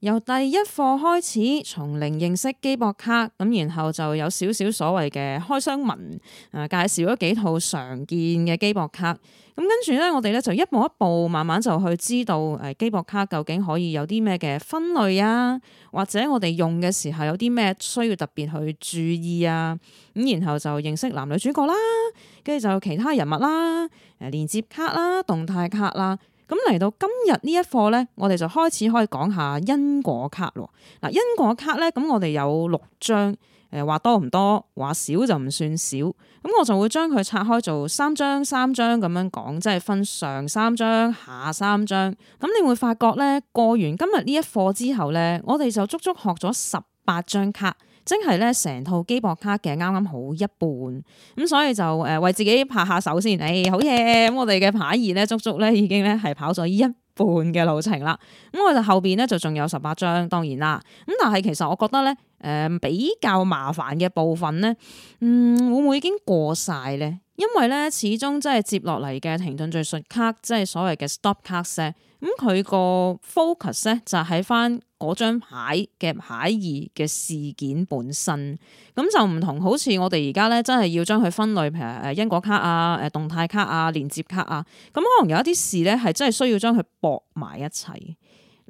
由第一課開始，從零認識機博卡，咁然後就有少少所謂嘅開箱文，啊介紹咗幾套常見嘅機博卡，咁跟住咧，我哋咧就一步一步慢慢就去知道誒機博卡究竟可以有啲咩嘅分類啊，或者我哋用嘅時候有啲咩需要特別去注意啊，咁然後就認識男女主角啦，跟住就其他人物啦，誒連接卡啦、動態卡啦。咁嚟到今日呢一課咧，我哋就開始可以講下因果卡咯。嗱，因果卡咧，咁我哋有六張，誒話多唔多？話少就唔算少。咁我就會將佢拆開做三張、三張咁樣講，即係分上三張、下三張。咁你會發覺咧，過完今日呢一課之後咧，我哋就足足學咗十八張卡。真係咧，成套機博卡嘅啱啱好一半，咁所以就誒為自己拍下手先，誒、哎、好嘢！咁我哋嘅牌二咧，足足咧已經咧係跑咗一半嘅路程啦。咁我後面就後邊咧就仲有十八張，當然啦。咁但係其實我覺得咧，誒、呃、比較麻煩嘅部分咧，嗯會唔會已經過晒咧？因為咧始終即係接落嚟嘅停頓敘述卡，即、就、係、是、所謂嘅 stop 卡石。咁佢個 focus 咧就喺翻嗰張牌嘅牌意嘅事件本身，咁就唔同。好似我哋而家咧，真係要將佢分類，譬如誒因果卡啊、誒動態卡啊、連接卡啊，咁可能有一啲事咧係真係需要將佢駁埋一齊。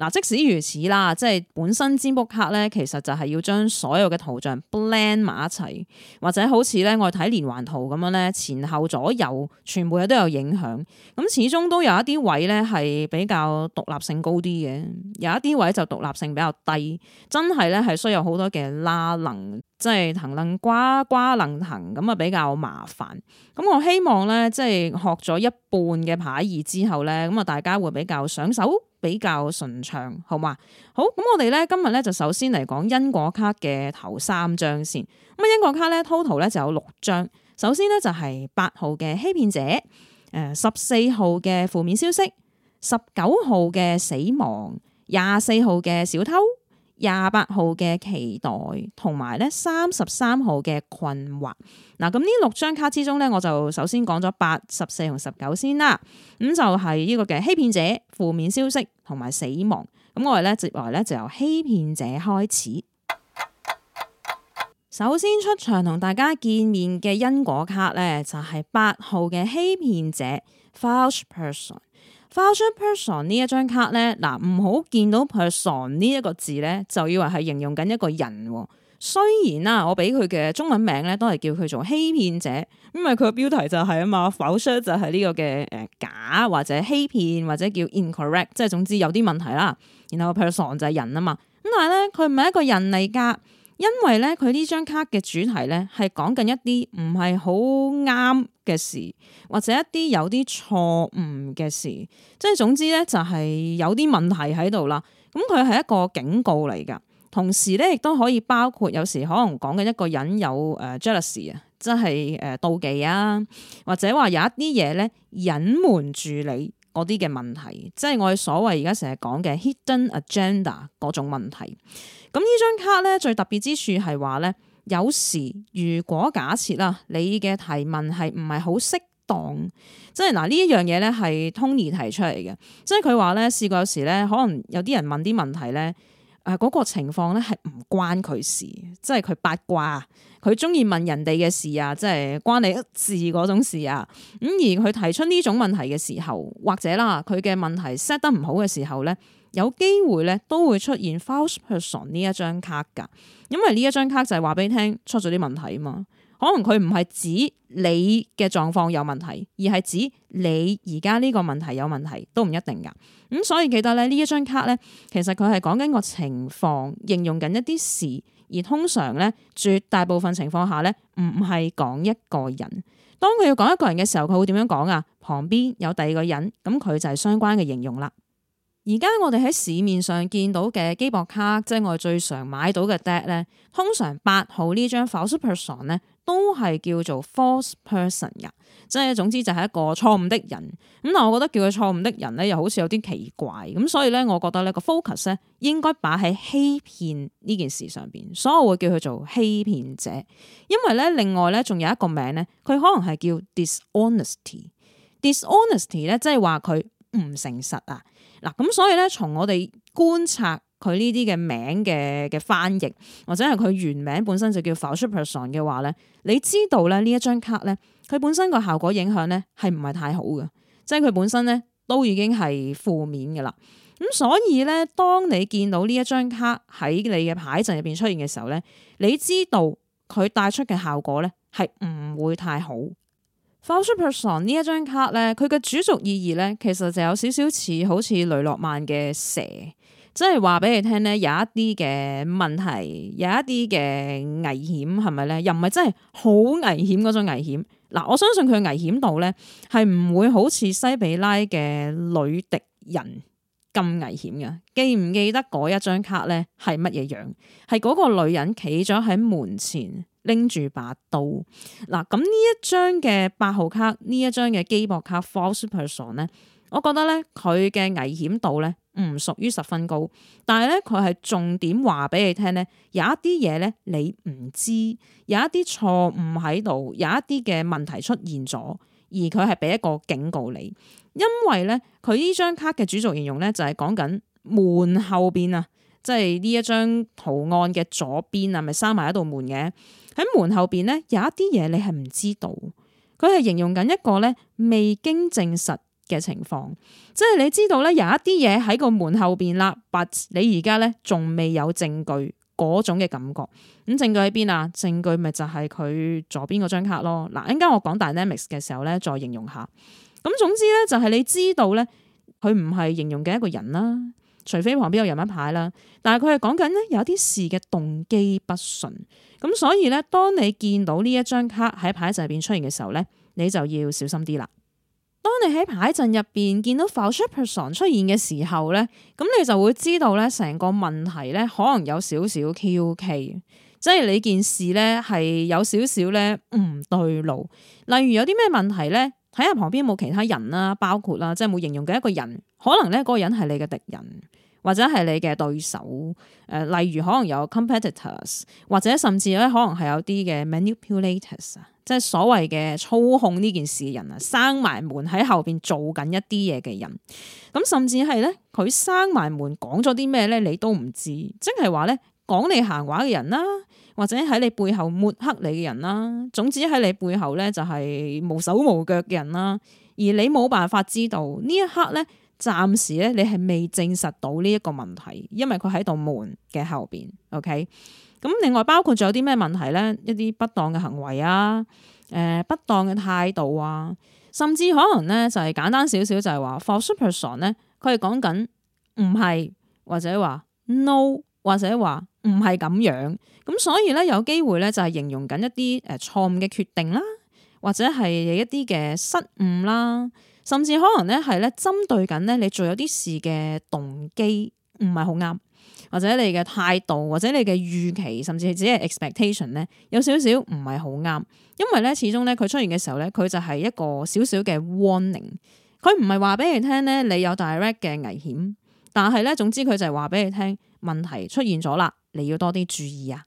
嗱，即使如此啦，即係本身占卜卡咧，其實就係要將所有嘅圖像 blend 埋一齊，或者好似咧我睇連環圖咁樣咧，前後左右全部嘢都有影響。咁始終都有一啲位咧係比較獨立性高啲嘅，有一啲位就獨立性比較低，真係咧係需要好多嘅拉能，即係騰騰瓜瓜、呃、能騰，咁啊比較麻煩。咁我希望咧即係學咗一半嘅牌意之後咧，咁啊大家會比較上手。比較順暢，好嘛？好咁，我哋咧今日咧就首先嚟講因果卡嘅頭三張先。咁啊，因果卡咧 total 咧就有六張。首先咧就係八號嘅欺騙者，誒十四號嘅負面消息，十九號嘅死亡，廿四號嘅小偷。廿八號嘅期待，同埋咧三十三號嘅困惑。嗱，咁呢六張卡之中咧，我就首先講咗八、十四同十九先啦。咁就係呢個嘅欺騙者、負面消息同埋死亡。咁我哋咧接來咧就由欺騙者開始。首先出場同大家見面嘅因果卡咧，就係八號嘅欺騙者，false person。False person 呢一張卡咧，嗱唔好見到 person 呢一個字咧，就以為係形容緊一個人。雖然啦，我俾佢嘅中文名咧都係叫佢做欺騙者，因為佢個標題就係啊嘛，false 就係呢個嘅誒假或者欺騙或者叫 incorrect，即係總之有啲問題啦。然後 person 就係人啊嘛，咁但係咧佢唔係一個人嚟噶。因為咧，佢呢張卡嘅主題咧，係講緊一啲唔係好啱嘅事，或者一啲有啲錯誤嘅事，即係總之咧就係有啲問題喺度啦。咁佢係一個警告嚟噶，同時咧亦都可以包括有時可能講緊一個人有誒 jealousy 啊，即係誒妒忌啊，或者話有一啲嘢咧隱瞞住你嗰啲嘅問題，即係我哋所謂而家成日講嘅 hidden agenda 嗰種問題。咁呢張卡咧最特別之處係話咧，有時如果假設啦，你嘅提問係唔係好適當，即係嗱呢一樣嘢咧係 Tony 提出嚟嘅，即係佢話咧試過有時咧，可能有啲人問啲問題咧，誒、呃、嗰、那個情況咧係唔關佢事，即係佢八卦，佢中意問人哋嘅事啊，即係關你一事嗰種事啊，咁而佢提出呢種問題嘅時候，或者啦佢嘅問題 set 得唔好嘅時候咧。有機會咧都會出現 false person 呢一張卡噶，因為呢一張卡就係話俾你聽出咗啲問題啊嘛，可能佢唔係指你嘅狀況有問題，而係指你而家呢個問題有問題都唔一定噶。咁，嗯，所以記得咧呢一張卡咧，其實佢係講緊個情況，形容緊一啲事，而通常咧絕大部分情況下咧唔係講一個人。當佢要講一個人嘅時候，佢會點樣講啊？旁邊有第二個人，咁佢就係相關嘅形容啦。而家我哋喺市面上見到嘅機博卡，即係我最常買到嘅 dead 咧，通常八號呢張 false person 咧都係叫做 false person 㗎，即係總之就係一個錯誤的人咁。但係我覺得叫佢錯誤的人咧，又好似有啲奇怪咁，所以咧，我覺得咧個 focus 咧應該擺喺欺騙呢件事上邊，所以我會叫佢做欺騙者，因為咧另外咧仲有一個名咧，佢可能係叫 dishonesty dishonesty 咧，即係話佢唔誠實啊。嗱，咁所以咧，從我哋觀察佢呢啲嘅名嘅嘅翻譯，或者係佢原名本身就叫 False Person 嘅話咧，你知道咧呢一張卡咧，佢本身個效果影響咧係唔係太好嘅？即係佢本身咧都已經係負面嘅啦。咁所以咧，當你見到呢一張卡喺你嘅牌陣入邊出現嘅時候咧，你知道佢帶出嘅效果咧係唔會太好。False Person 呢一張卡咧，佢嘅主軸意義咧，其實就有少少似好似雷諾曼嘅蛇，即係話俾你聽咧，有一啲嘅問題，有一啲嘅危險係咪咧？又唔係真係好危險嗰種危險嗱、啊。我相信佢危險度咧係唔會好似西比拉嘅女敵人咁危險嘅。記唔記得嗰一張卡咧係乜嘢樣？係嗰個女人企咗喺門前。拎住把刀嗱，咁呢一張嘅八號卡，呢一張嘅機博卡 False Person 咧，Person，我覺得咧佢嘅危險度咧唔屬於十分高，但係咧佢係重點話俾你聽咧，有一啲嘢咧你唔知，有一啲錯誤喺度，有一啲嘅問題出現咗，而佢係俾一個警告你，因為咧佢呢張卡嘅主軸形容咧就係講緊門後邊啊，即係呢一張圖案嘅左邊啊，咪閂埋一道門嘅。喺門後邊咧有一啲嘢你係唔知道，佢係形容緊一個咧未經證實嘅情況，即係你知道咧有一啲嘢喺個門後邊啦，but 你而家咧仲未有證據嗰種嘅感覺。咁證據喺邊啊？證據咪就係佢左邊嗰張卡咯。嗱，一陣間我講 dynamics 嘅時候咧再形容下。咁總之咧就係你知道咧佢唔係形容緊一個人啦，除非旁邊有人物牌啦。但係佢係講緊咧有啲事嘅動機不純。咁所以咧，當你見到呢一張卡喺牌陣入邊出現嘅時候咧，你就要小心啲啦。當你喺牌陣入邊見到 false person 出現嘅時候咧，咁你就會知道咧，成個問題咧可能有少少蹺蹊，即係你件事咧係有少少咧唔對路。例如有啲咩問題咧？睇下旁邊有冇其他人啦，包括啦，即係冇形容嘅一個人，可能咧嗰個人係你嘅敵人。或者係你嘅對手，誒、呃，例如可能有 competitors，或者甚至咧，可能係有啲嘅 manipulators 啊，即係所謂嘅操控呢件事嘅人，人、嗯就是、人啊，閂埋門喺後邊做緊一啲嘢嘅人，咁甚至係咧，佢閂埋門講咗啲咩咧，你都唔知，即係話咧，講你閒話嘅人啦，或者喺你背後抹黑你嘅人啦、啊，總之喺你背後咧就係無手無腳嘅人啦、啊，而你冇辦法知道呢一刻咧。暫時咧，你係未證實到呢一個問題，因為佢喺度門嘅後邊，OK？咁另外包括仲有啲咩問題咧？一啲不當嘅行為啊，誒、呃，不當嘅態度啊，甚至可能咧就係、是、簡單少少就係話，for super son 咧，佢係講緊唔係或者話 no 或者話唔係咁樣，咁所以咧有機會咧就係形容緊一啲誒錯誤嘅決定啦，或者係一啲嘅失誤啦。甚至可能咧，係咧針對緊咧你做有啲事嘅動機唔係好啱，或者你嘅態度，或者你嘅預期，甚至係只係 expectation 咧，有少少唔係好啱。因為咧，始終咧佢出現嘅時候咧，佢就係一個少少嘅 warning，佢唔係話俾你聽咧你有 direct 嘅危險，但係咧，總之佢就係話俾你聽，問題出現咗啦，你要多啲注意啊！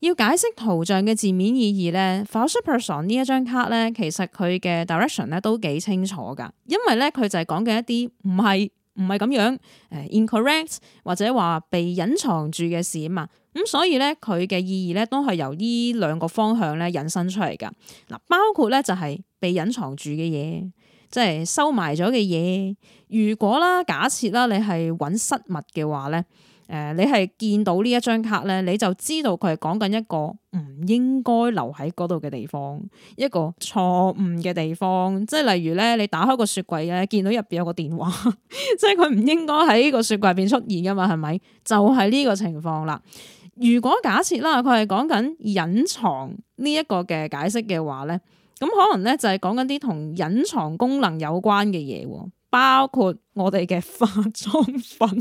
要解釋圖像嘅字面意義咧，false person 呢一張卡咧，其實佢嘅 direction 咧都幾清楚噶，因為咧佢就係講緊一啲唔係唔係咁樣誒 incorrect 或者話被隱藏住嘅事啊嘛，咁、嗯、所以咧佢嘅意義咧都係由呢兩個方向咧引申出嚟噶，嗱，包括咧就係被隱藏住嘅嘢，即係收埋咗嘅嘢。如果啦，假設啦，你係揾失物嘅話咧。誒，你係見到呢一張卡咧，你就知道佢係講緊一個唔應該留喺嗰度嘅地方，一個錯誤嘅地方。即係例如咧，你打開個雪櫃咧，見到入邊有個電話，即係佢唔應該喺呢個雪櫃入邊出現㗎嘛，係咪？就係呢個情況啦。如果假設啦，佢係講緊隱藏呢一個嘅解釋嘅話咧，咁可能咧就係講緊啲同隱藏功能有關嘅嘢喎，包括我哋嘅化妝粉。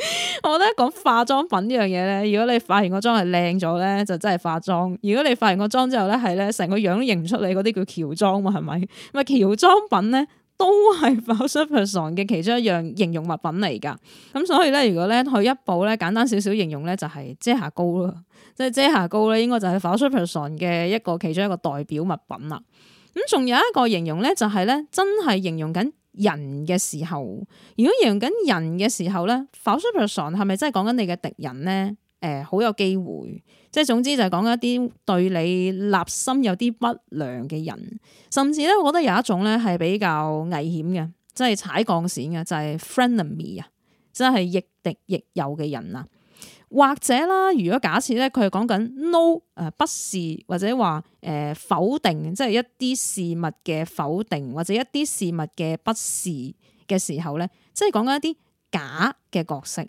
我覺得講化妝品呢樣嘢咧，如果你化完個妝係靚咗咧，就真係化妝；如果你化完個妝之後咧，係咧成個樣都認唔出你，嗰啲叫喬妝嘛，係咪？咪喬妝品咧都係 Photoshop 嘅其中一樣形容物品嚟噶。咁所以咧，如果咧去一步咧簡單少少形容咧，就係遮瑕膏咯。即係遮瑕膏咧，應該就係 Photoshop 嘅一個其中一個代表物品啦。咁仲有一個形容咧，就係咧真係形容緊。人嘅時候，如果贏緊人嘅時候咧，false person 係咪真係講緊你嘅敵人咧？誒、呃，好有機會，即係總之就係講緊一啲對你立心有啲不良嘅人，甚至咧，我覺得有一種咧係比較危險嘅，即係踩鋼線嘅，就係、是、frenemy 啊，即係亦敵亦友嘅人啊。或者啦，如果假設咧，佢係講緊 no，誒不是或者話誒、呃、否定，即係一啲事物嘅否定，或者一啲事物嘅不是嘅時候咧，即係講緊一啲假嘅角色。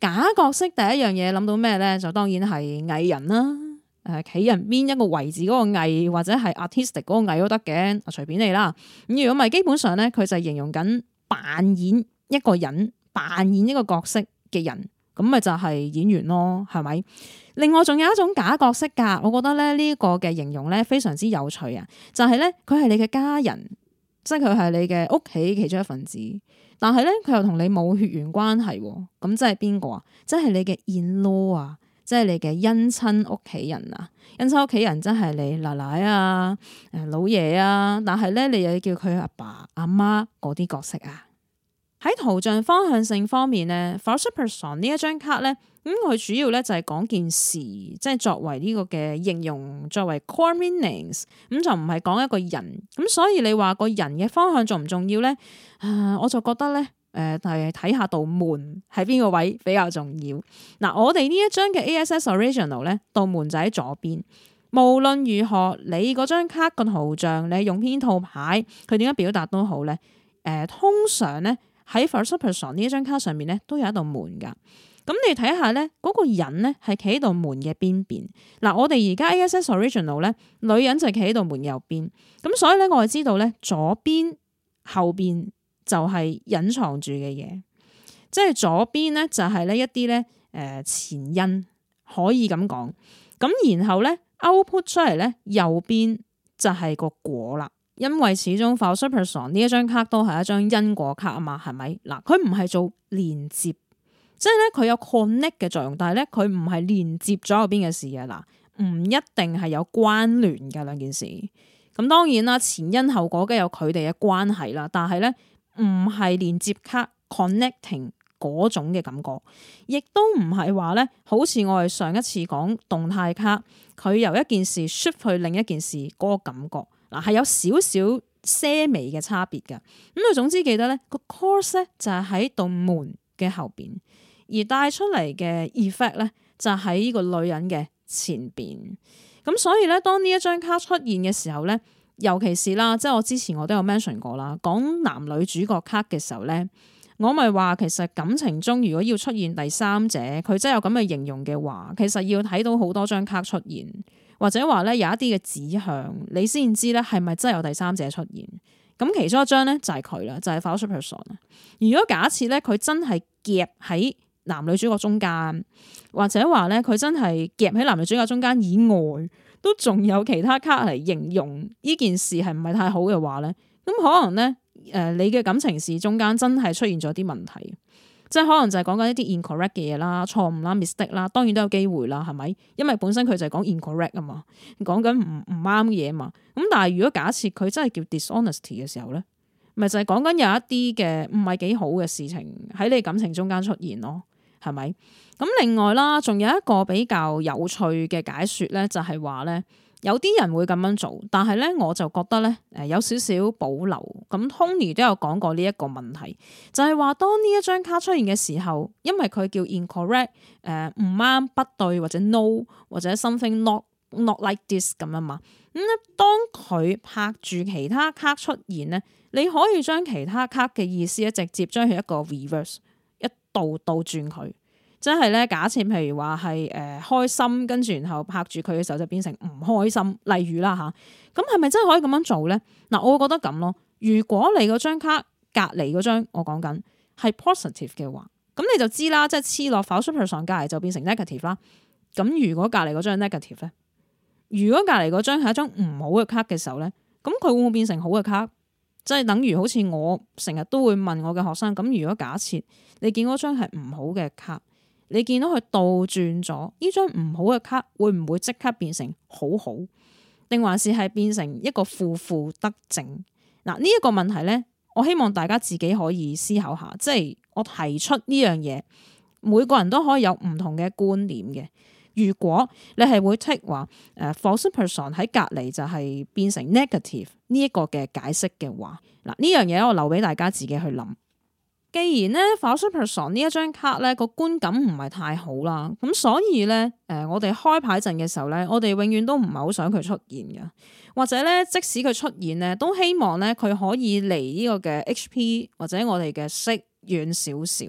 假角色第一樣嘢諗到咩咧？就當然係藝人啦，誒企人邊一個位置嗰個偽或者係 artistic 嗰個藝都得嘅，隨便你啦。咁如果唔係，基本上咧，佢就係形容緊扮演一個人、扮演一個角色嘅人。咁咪就係演員咯，係咪？另外仲有一種假角色噶，我覺得咧呢個嘅形容咧非常之有趣啊！就係咧佢係你嘅家人，即係佢係你嘅屋企其中一份子，但係咧佢又同你冇血緣關係，咁即係邊個啊？即係你嘅 in-law 啊，即係你嘅姻親屋企人啊，姻親屋企人真係你奶奶啊，誒老爺啊，但係咧你又要叫佢阿爸阿媽嗰啲角色啊？喺圖像方向性方面咧 fourth person 呢一張卡咧，咁佢主要咧就係講件事，即係作為呢個嘅應用，作為 core meanings，咁就唔係講一個人，咁所以你話個人嘅方向重唔重要咧？啊、呃，我就覺得咧，誒、呃，係睇下道門喺邊個位比較重要。嗱、呃，我哋呢一張嘅 A S S original 咧，道門就喺左邊。無論如何，你嗰張卡個圖像，你用邊套牌，佢點樣表達都好咧，誒、呃，通常咧。喺 first person 呢一張卡上面咧，都有一道門噶。咁、嗯、你睇下咧，嗰個人咧係企喺度門嘅邊邊？嗱、嗯。我哋而家 ass original 咧，女人就係企喺度門右邊。咁、嗯、所以咧，我係知道咧，左邊後邊就係隱藏住嘅嘢，即係左邊咧就係、是、咧一啲咧誒前因可以咁講。咁、嗯、然後咧 output 出嚟咧，右邊就係個果啦。因為始終 flow super、er、song 呢一張卡都係一張因果卡啊嘛，係咪？嗱，佢唔係做連接，即係咧佢有 connect 嘅作用，但係咧佢唔係連接咗入邊嘅事啊，嗱，唔一定係有關聯嘅兩件事。咁當然啦，前因後果梗有佢哋嘅關係啦，但係咧唔係連接卡 connecting 嗰種嘅感覺，亦都唔係話咧好似我哋上一次講動態卡，佢由一件事 shift 去另一件事嗰個感覺。嗱，係有少少些微嘅差別噶。咁啊，總之記得咧，個 course 咧就係喺度門嘅後邊，而帶出嚟嘅 effect 咧就喺呢個女人嘅前邊。咁所以咧，當呢一張卡出現嘅時候咧，尤其是啦，即係我之前我都有 mention 過啦，講男女主角卡嘅時候咧，我咪話其實感情中如果要出現第三者，佢真係有咁嘅形容嘅話，其實要睇到好多張卡出現。或者話咧，有一啲嘅指向，你先知咧係咪真係有第三者出現？咁其中一張咧就係佢啦，就係、是、fire super son。如果假設咧佢真係夾喺男女主角中間，或者話咧佢真係夾喺男女主角中間以外，都仲有其他卡嚟形容呢件事係唔係太好嘅話咧，咁可能咧誒，你嘅感情事中間真係出現咗啲問題。即係可能就係講緊一啲 incorrect 嘅嘢啦、錯誤啦、mistake 啦，當然都有機會啦，係咪？因為本身佢就係講 incorrect 啊嘛，講緊唔唔啱嘅嘢嘛。咁但係如果假設佢真係叫 dishonesty 嘅時候呢，咪就係講緊有一啲嘅唔係幾好嘅事情喺你感情中間出現咯，係咪？咁另外啦，仲有一個比較有趣嘅解說呢，就係話呢。有啲人會咁樣做，但係咧我就覺得咧，誒有少少保留。咁 Tony 都有講過呢一個問題，就係、是、話當呢一張卡出現嘅時候，因為佢叫 incorrect，誒、呃、唔啱不對，不對或者 no 或者 something not not like this 咁啊嘛。咁、嗯、咧當佢拍住其他卡出現咧，你可以將其他卡嘅意思咧直接將佢一個 reverse，一度倒轉佢。即係咧，假設譬如話係誒開心，跟住然後拍住佢嘅時候就變成唔開心。例如啦吓，咁係咪真係可以咁樣做咧？嗱、啊，我覺得咁咯。如果你嗰張卡隔離嗰張，我講緊係 positive 嘅話，咁你就知啦，即係黐落 positive 上隔離就變成 negative 啦。咁如果隔離嗰張 negative 咧，如果隔離嗰張係一張唔好嘅卡嘅時候咧，咁佢會唔會變成好嘅卡？即係等於好似我成日都會問我嘅學生，咁如果假設你見嗰張係唔好嘅卡。你見到佢倒轉咗，呢張唔好嘅卡會唔會即刻變成好好，定還是係變成一個負負得正？嗱，呢一個問題咧，我希望大家自己可以思考下，即係我提出呢樣嘢，每個人都可以有唔同嘅觀點嘅。如果你係會 take 話誒 positive person 喺隔籬就係變成 negative 呢一個嘅解釋嘅話，嗱，呢樣嘢我留俾大家自己去諗。既然咧 False Person 呢一張卡咧，個觀感唔係太好啦，咁所以咧，誒我哋開牌陣嘅時候咧，我哋永遠都唔係好想佢出現嘅，或者咧，即使佢出現咧，都希望咧佢可以離呢個嘅 HP 或者我哋嘅色遠少少，誒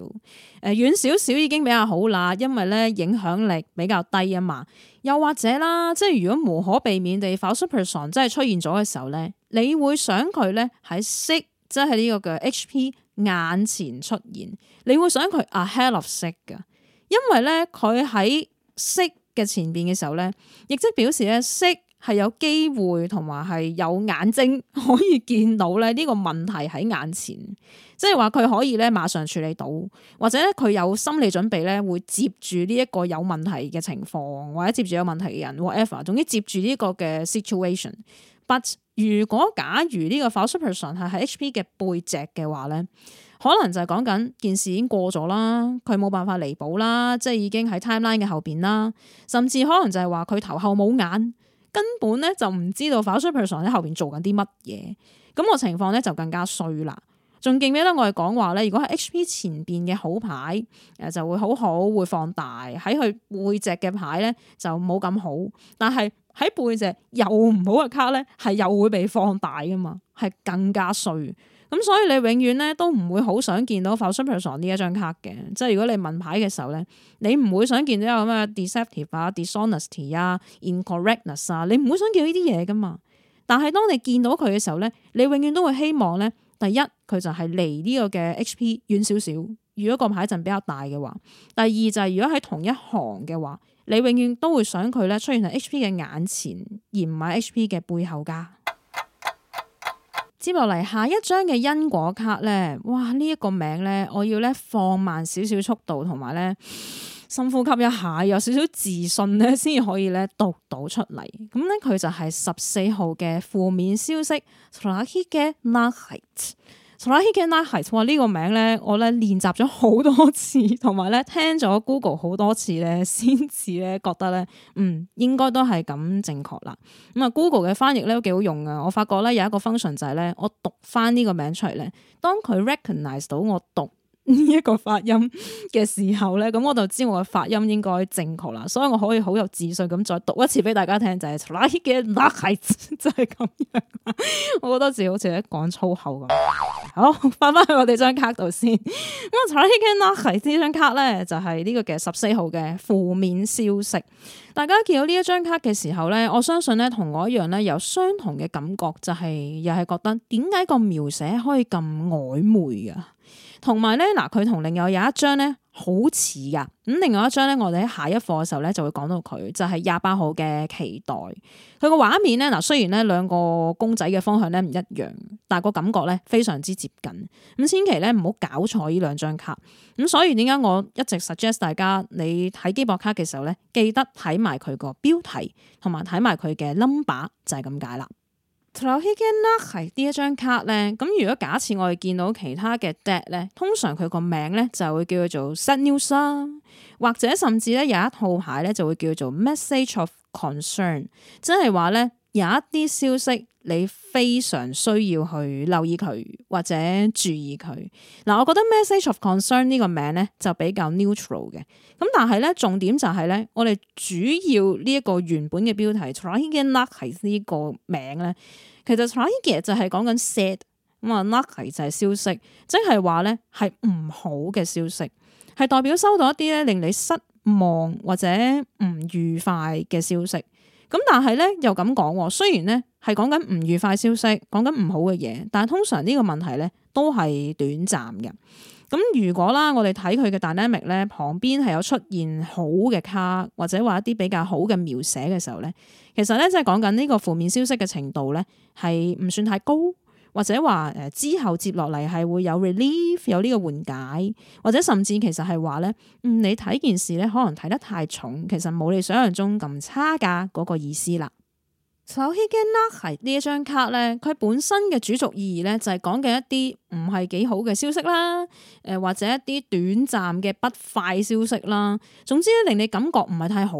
遠少少已經比較好啦，因為咧影響力比較低啊嘛。又或者啦，即係如果無可避免地 False Person 真係出現咗嘅時候咧，你會想佢咧喺色，即係呢個嘅 HP。眼前出現，你會想佢 a hell of 色噶，因為咧佢喺色嘅前邊嘅時候咧，亦即表示咧，色係有機會同埋係有眼睛可以見到咧呢個問題喺眼前，即係話佢可以咧馬上處理到，或者佢有心理準備咧會接住呢一個有問題嘅情況，或者接住有問題嘅人 whatever，總之接住呢個嘅 situation。如果假如呢個 false person 係喺 HP 嘅背脊嘅話咧，可能就係講緊件事已經過咗啦，佢冇辦法彌補啦，即係已經喺 timeline 嘅後邊啦，甚至可能就係話佢頭後冇眼，根本咧就唔知道 false person 喺後邊做緊啲乜嘢，咁個情況咧就更加衰啦。仲記唔記得我哋講話咧，如果係 HP 前邊嘅好牌誒，就會好好會放大喺佢背脊嘅牌咧，就冇咁好，但係。喺背脊又唔好嘅卡咧，係又會被放大噶嘛，係更加衰。咁所以你永遠咧都唔會好想見到 fraud suspicion 呢一張卡嘅。即係如果你問牌嘅時候咧，你唔會想見到有咩 deceptive 啊、dishonesty 啊、incorrectness 啊，incorrect ness，你唔會想見到呢啲嘢噶嘛。但係當你見到佢嘅時候咧，你永遠都會希望咧，第一佢就係離呢個嘅 HP 遠少少。如果個牌陣比較大嘅話，第二就係、是、如果喺同一行嘅話。你永遠都會想佢咧出現喺 HP 嘅眼前，而唔係 HP 嘅背後噶。 接落嚟下一張嘅因果卡咧，哇！呢、這、一個名咧，我要咧放慢少少速度，同埋咧深呼吸一下，有少少自信咧先可以咧讀到出嚟。咁咧佢就係十四號嘅負面消息，Takie 嘅 Night。 recognize 哇呢個名咧，我咧練習咗好多次，同埋咧聽咗 Google 好多次咧，先至咧覺得咧，嗯應該都係咁正確啦。咁啊 Google 嘅翻譯咧都幾好用㗎！我發覺咧有一個 function 就係咧，我讀返呢個名出嚟咧，當佢 recognize 到我讀。呢一個發音嘅時候咧，咁我就知我嘅發音應該正確啦，所以我可以好有自信咁再讀一次俾大家聽，就係 c l a c k i n luck 係就係咁這樣。 我覺得自己好似喺講粗口咁。好，翻翻去我哋張卡度先。我 c l i c k i n luck 係呢張卡咧，就係呢個嘅十四號嘅負面消息。大家見到呢一張卡嘅時候咧，我相信咧同我一樣咧，有相同嘅感覺，就係又係覺得點解個描寫可以咁曖昧啊？同埋咧，嗱佢同另外有，有一張咧，好似㗎。咁另外一張咧，我哋喺下一課嘅時候咧，就會講到佢，就係廿八號嘅期待。佢個畫面咧，嗱雖然咧兩個公仔嘅方向咧唔一樣，但係個感覺咧非常之接近。咁千祈咧唔好搞錯呢兩張卡。咁所以點解我一直 suggest 大家你睇機博卡嘅時候咧，記得睇埋佢個標題，同埋睇埋佢嘅 number 就係咁解啦。Trophy card 係呢一張卡咧，咁如果假設我哋見到其他嘅 dead 咧，通常佢個名咧就會叫做 sad news 啦，或者甚至咧有一套牌咧就會叫做 message of concern，即係話咧有一啲消息。你非常需要去留意佢或者注意佢嗱，我覺得 message of concern 呢個名咧就比較 neutral 嘅，咁但係咧重點就係、是、咧，我哋主要呢一個原本嘅標題 tragedy luck 係呢個名咧，其實 tragedy 就係講緊 sad 咁啊，luck 就係消息，即係話咧係唔好嘅消息，係代表收到一啲咧令你失望或者唔愉快嘅消息。咁但係咧又咁講，雖然咧係講緊唔愉快消息，講緊唔好嘅嘢，但係通常呢個問題咧都係短暫嘅。咁如果啦，我哋睇佢嘅 dynamic 咧，旁邊係有出現好嘅卡或者話一啲比較好嘅描寫嘅時候咧，其實咧即係講緊呢個負面消息嘅程度咧係唔算太高。或者話誒之後接落嚟係會有 relief 有呢個緩解，或者甚至其實係話咧，嗯，你睇件事咧可能睇得太重，其實冇你想象中咁差價嗰、那個意思啦。首先嘅 card 係呢一張卡 a 咧，佢本身嘅主族意義咧就係講嘅一啲唔係幾好嘅消息啦，誒、呃、或者一啲短暫嘅不快消息啦，總之咧令你感覺唔係太好。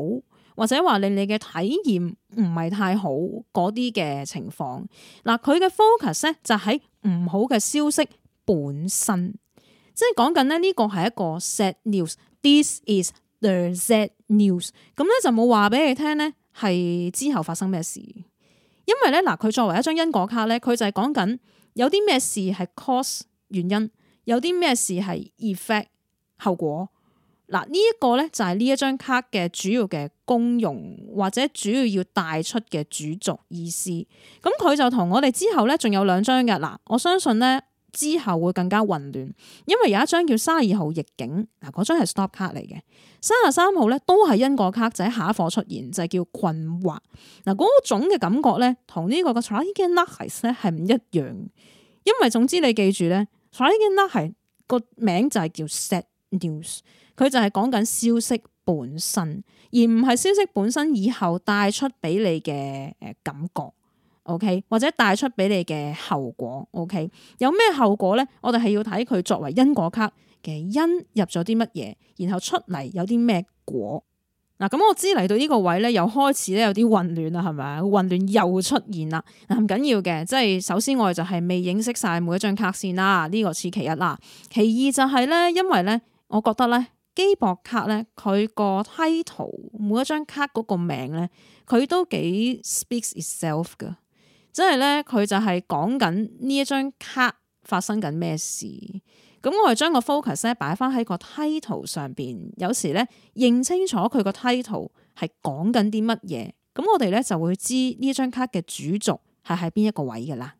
或者話你你嘅體驗唔係太好嗰啲嘅情況，嗱佢嘅 focus 咧就喺唔好嘅消息本身，即係講緊咧呢個係一個 sad news，this is the sad news，咁咧就冇話俾你聽咧係之後發生咩事，因為咧嗱佢作為一張因果卡咧，佢就係講緊有啲咩事係 cause 原因，有啲咩事係 effect 後果。嗱呢一個咧就係呢一張卡嘅主要嘅功用或者主要要帶出嘅主軸意思，咁佢就同我哋之後咧仲有兩張嘅嗱，我相信呢之後會更加混亂，因為有一張叫卅二號逆境嗱，嗰張係 stop 卡嚟嘅，卅三號咧都係因果卡仔、就是、下一課出現就係、是、叫困惑嗱，嗰種嘅感覺咧同呢個嘅 tragic news 咧係唔一樣，因為總之你記住咧，tragic news 個名就係叫 set news。佢就係講緊消息本身，而唔係消息本身以後帶出俾你嘅誒感覺，OK，或者帶出俾你嘅後果，OK。有咩後果咧？我哋係要睇佢作為因果卡嘅因入咗啲乜嘢，然後出嚟有啲咩果。嗱、啊，咁、嗯、我知嚟到呢個位咧，又開始咧有啲混亂啦，係咪啊？混亂又出現啦。唔、啊、緊要嘅，即係首先我哋就係未認識晒每一張卡先啦，呢、呢個似其一。嗱，其二就係咧，因為咧，我覺得咧。機博卡咧，佢個 title 每一張卡嗰個名咧，佢都幾 speaks itself 噶，即係咧佢就係講緊呢一張卡發生緊咩事。咁我哋將個 focus 咧擺翻喺個 title 上邊，有時咧認清楚佢個 title 係講緊啲乜嘢，咁我哋咧就會知呢一張卡嘅主軸係喺邊一個位噶啦。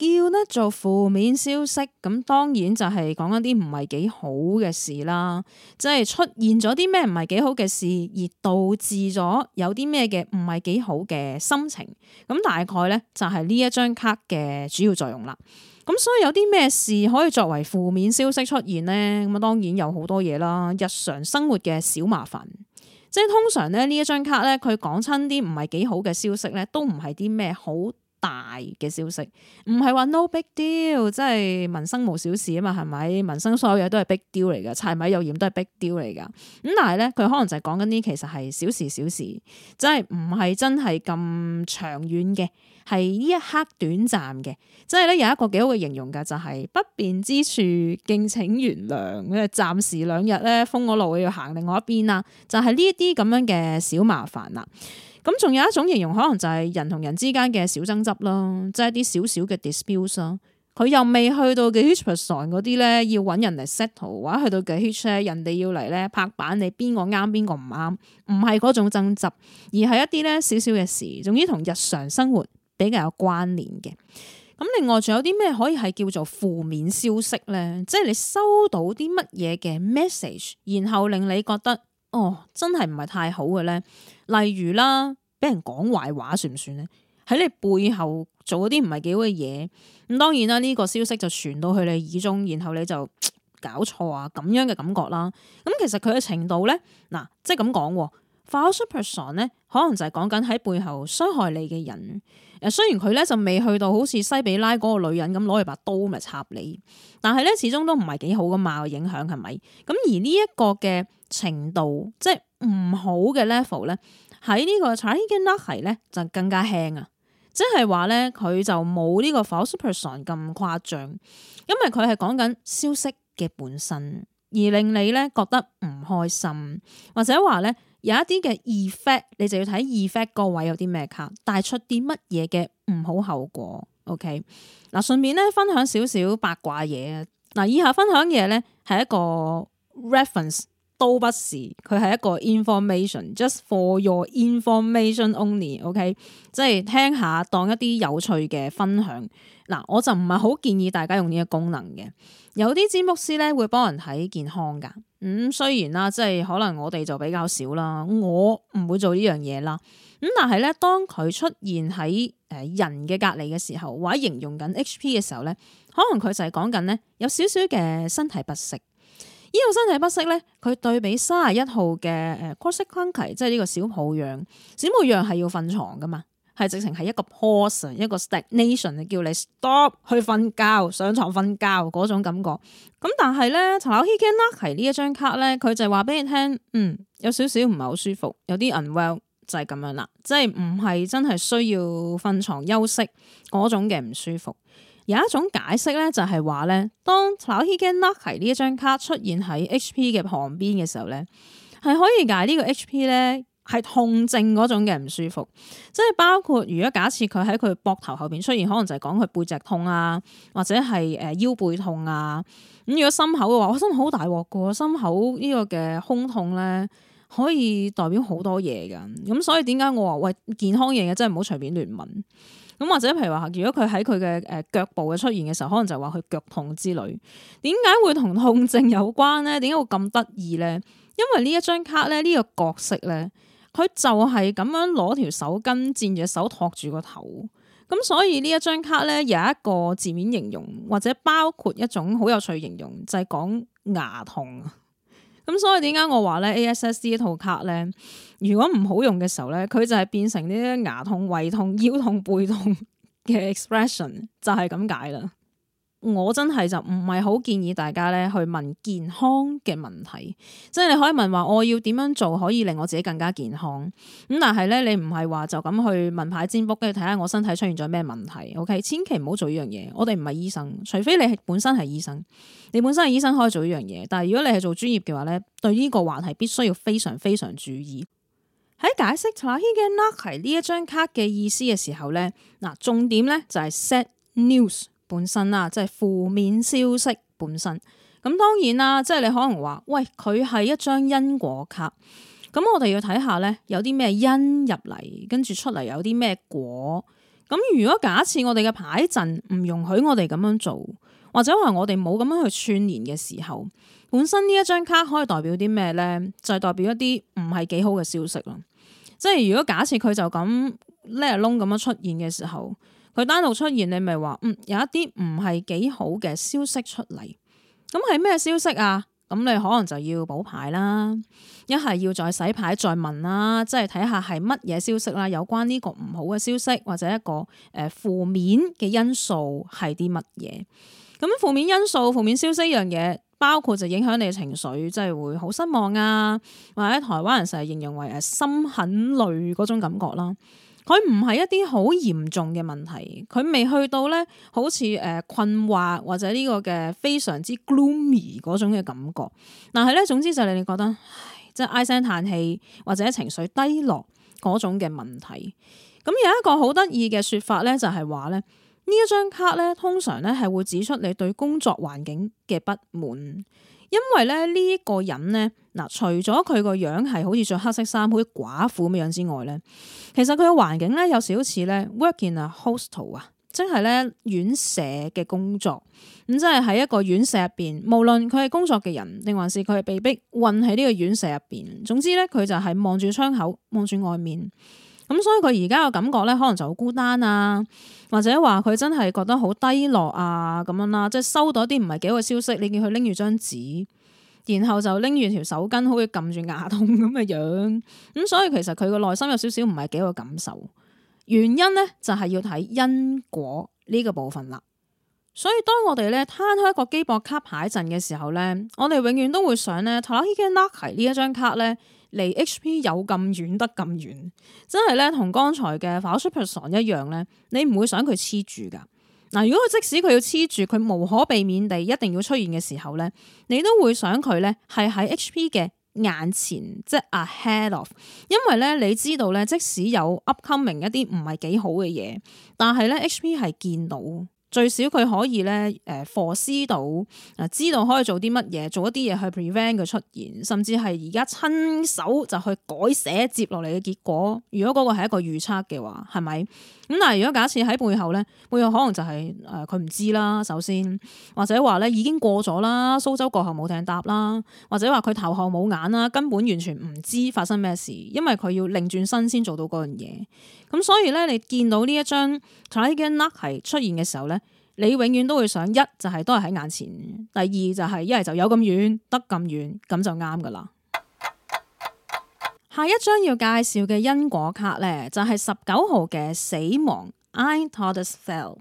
叫咧做負面消息，咁當然就係講一啲唔係幾好嘅事啦，即係出現咗啲咩唔係幾好嘅事，而導致咗有啲咩嘅唔係幾好嘅心情。咁大概咧就係呢一張卡嘅主要作用啦。咁所以有啲咩事可以作為負面消息出現呢？咁啊，當然有好多嘢啦，日常生活嘅小麻煩，即係通常咧呢一張卡咧，佢講親啲唔係幾好嘅消息咧，都唔係啲咩好。大嘅消息，唔係話 no big deal，即係民生無小事啊嘛，係咪？民生所有嘢都係 big deal 嚟嘅，柴米油鹽都係 big deal 嚟嘅。咁但係咧，佢可能就係講緊啲，其實係小事小事，即係唔係真係咁長遠嘅，係呢一刻短暫嘅。即係咧有一個幾好嘅形容嘅，就係不便之處，敬請原諒。暫時兩日咧封我路，我要行另外一邊啦。就係呢一啲咁樣嘅小麻煩啦。咁仲有一種形容，可能就係人同人之間嘅小爭執咯，即係一啲少少嘅 dispute 咯。佢又未去到嘅 hearsay 嗰啲咧，要揾人嚟 settle，或者去到嘅 hearsay，人哋要嚟咧拍板你誰誰，你邊個啱邊個唔啱，唔係嗰種爭執，而係一啲咧少少嘅事，總之同日常生活比較有關聯嘅。咁另外仲有啲咩可以係叫做負面消息咧？即係你收到啲乜嘢嘅 message，然後令你覺得。哦，真係唔係太好嘅咧。例如啦，俾人講壞話算唔算咧？喺你背後做啲唔係幾好嘅嘢，咁當然啦。呢個消息就傳到去你耳中，然後你就搞錯啊，咁樣嘅感覺啦。咁其實佢嘅程度咧，嗱，即係咁講，false person 咧，可能就係講緊喺背後傷害你嘅人。誒雖然佢咧就未去到好似西比拉嗰個女人咁攞住把刀咪插你，但係咧始終都唔係幾好個貌嘅影響係咪？咁而呢一個嘅程度，即係唔好嘅 level 咧，喺呢個查爾根拉係咧就更加輕啊！即係話咧佢就冇呢個 false person 咁誇張，因為佢係講緊消息嘅本身，而令你咧覺得唔開心或者話咧。有一啲嘅 effect，你就要睇 effect 個位有啲咩卡，帶出啲乜嘢嘅唔好後果。OK，嗱，順便咧分享少少八卦嘢啊！嗱，以下分享嘅嘢咧係一個 reference。都不是，佢係一個 information，just for your information only，OK，、okay？即係聽下當一啲有趣嘅分享。嗱，我就唔係好建議大家用呢個功能嘅。有啲占卜師咧會幫人睇健康噶，咁、嗯、雖然啦，即係可能我哋就比較少啦，我唔會做呢樣嘢啦。咁但係咧，當佢出現喺誒人嘅隔離嘅時候，或者形容緊 HP 嘅時候咧，可能佢就係講緊咧有少少嘅身體不適。呢個身體不適咧，佢對比三十一號嘅誒 cosy c k、er，即係呢個小抱養，小抱養係要瞓床噶嘛，係直情係一個 p a u s n 一個 station，叫你 stop 去瞓覺、上床瞓覺嗰種感覺。咁但係咧，陳柳希 canuck 係呢一張卡咧，佢就話俾你聽，嗯，有少少唔係好舒服，有啲 unwell 就係咁樣啦，即係唔係真係需要瞓床休息嗰種嘅唔舒服。有一種解釋咧，就係話咧，當擸 h e a t n u k 呢一張卡出現喺 HP 嘅旁邊嘅時候咧，係可以解呢個 HP 咧係痛症嗰種嘅唔舒服，即係包括如果假設佢喺佢膊頭後邊出現，可能就係講佢背脊痛啊，或者係誒腰背痛啊。咁如果心口嘅話，我心好大鑊噶，心口呢個嘅胸痛咧，可以代表好多嘢噶。咁所以點解我話喂健康嘢嘅真係唔好隨便亂問。咁或者譬如話，如果佢喺佢嘅誒腳部嘅出現嘅時候，可能就話佢腳痛之類。點解會同痛症有關咧？點解會咁得意咧？因為呢一張卡咧，呢個角色咧，佢就係咁樣攞條手巾，墊住隻手，托住個頭。咁所以呢一張卡咧，有一個字面形容，或者包括一種好有趣形容，就係講牙痛。咁所以點解我話咧 A S S C 一套卡咧，如果唔好用嘅時候咧，佢就係變成呢啲牙痛、胃痛、腰痛、背痛嘅 expression，就係咁解啦。我真係就唔係好建議大家咧去問健康嘅問題，即係你可以問話我要點樣做可以令我自己更加健康。咁但係咧你唔係話就咁去問牌占卜，跟住睇下我身體出現咗咩問題。OK，千祈唔好做呢樣嘢。我哋唔係醫生，除非你係本身係醫生，你本身係醫生可以做呢樣嘢。但係如果你係做專業嘅話咧，對呢個話題必須要非常非常注意。喺解釋拿 hegenark 係呢一張卡嘅意思嘅時候呢，嗱重點呢就係 sad news。本身啦，即係負面消息本身。咁當然啦，即係你可能話，喂，佢係一張因果卡。咁我哋要睇下咧，有啲咩因入嚟，跟住出嚟有啲咩果。咁如果假設我哋嘅牌陣唔容許我哋咁樣做，或者話我哋冇咁樣去串聯嘅時候，本身呢一張卡可以代表啲咩咧？就係、是、代表一啲唔係幾好嘅消息咯。即係如果假設佢就咁叻窿咁樣出現嘅時候。佢單獨出現，你咪話嗯，有一啲唔係幾好嘅消息出嚟，咁係咩消息啊？咁你可能就要補牌啦，一係要再洗牌再問啦，即係睇下係乜嘢消息啦，有關呢個唔好嘅消息或者一個誒、呃、負面嘅因素係啲乜嘢？咁負面因素、負面消息一樣嘢，包括就影響你嘅情緒，即係會好失望啊，或者台灣人成日形容為誒心很累嗰種感覺啦。佢唔係一啲好嚴重嘅問題，佢未去到咧，好似誒困惑或者呢個嘅非常之 gloomy 嗰種嘅感覺。但係咧，總之就係你覺得唉，即係唉聲嘆氣或者情緒低落嗰種嘅問題。咁有一個好得意嘅説法咧，就是，就係話咧，呢一張卡咧，通常咧係會指出你對工作環境嘅不滿。因為咧呢一個人呢，嗱除咗佢個樣係好似着黑色衫，好似寡婦咁樣之外呢，其實佢嘅環境呢有少少似呢 work in a hostel 啊，即係呢院舍嘅工作，咁即係喺一個院舍入邊，無論佢係工作嘅人定還是佢係被逼困喺呢個院舍入邊，總之呢，佢就係望住窗口，望住外面。咁所以佢而家個感覺咧，可能就好孤單啊，或者話佢真係覺得好低落啊，咁樣啦，即係收到啲唔係幾好嘅消息，你見佢拎住張紙，然後就拎住條手巾，好似撳住牙痛咁嘅樣，咁、嗯、所以其實佢個內心有少少唔係幾好嘅感受。原因咧就係、是、要睇因果呢個部分啦。所以當我哋咧攤開一個機博卡牌陣嘅時候咧，我哋永遠都會想咧，睇下依家 luck 係呢一張卡咧。離 HP 有咁遠得咁遠，真係咧同剛才嘅 f 超 person 一樣咧，你唔會想佢黐住噶。嗱，如果佢即使佢要黐住，佢無可避免地一定要出現嘅時候咧，你都會想佢咧係喺 HP 嘅眼前，即係 ahead of。因為咧，你知道咧，即使有 upcoming 一啲唔係幾好嘅嘢，但係咧，HP 係見到。最少佢可以咧，誒 foresight 到啊，知道可以做啲乜嘢，做一啲嘢去 prevent 佢出現，甚至係而家親手就去改寫接落嚟嘅結果。如果嗰個係一個預測嘅話，係咪？咁但係如果假設喺背後咧，背後可能就係誒佢唔知啦。首先或者話咧已經過咗啦，蘇州過後冇艇搭啦，或者話佢頭後冇眼啦，根本完全唔知發生咩事，因為佢要擰轉身先做到嗰樣嘢。咁所以咧，你見到呢一張 Try Again 係出現嘅時候咧，你永遠都會想一就係、是、都係喺眼前，第二就係、是、一係就有咁遠得咁遠，咁就啱噶啦。下一張要介紹嘅因果卡咧，就係十九號嘅死亡。I Todesfall。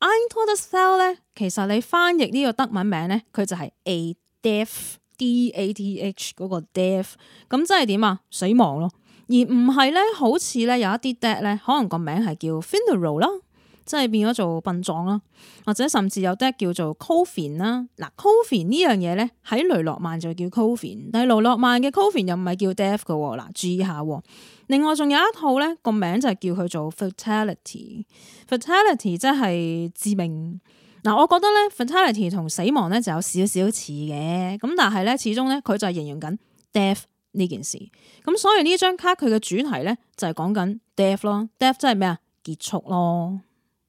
I Todesfall 咧，其實你翻譯呢個德文名咧，佢就係 a death, d e a t h 嗰個 death。咁即係點啊？死亡咯，而唔係咧，好似咧有一啲 death 咧，可能個名係叫 funeral 啦。即係變咗做殯葬啦，或者甚至有啲叫做 coffin 啦。嗱，coffin 呢樣嘢咧，喺雷諾曼就叫 coffin，但係雷諾曼嘅 coffin 又唔係叫 death 嘅嗱。注意下，另外仲有一套咧，個名就係叫佢做 fatality。fatality 即係致命嗱。我覺得咧 fatality 同死亡咧就有少少似嘅咁，但係咧始終咧佢就係形容緊 death 呢件事咁，所以呢張卡佢嘅主題咧就係講緊 death 咯。death 即係咩啊？結束咯。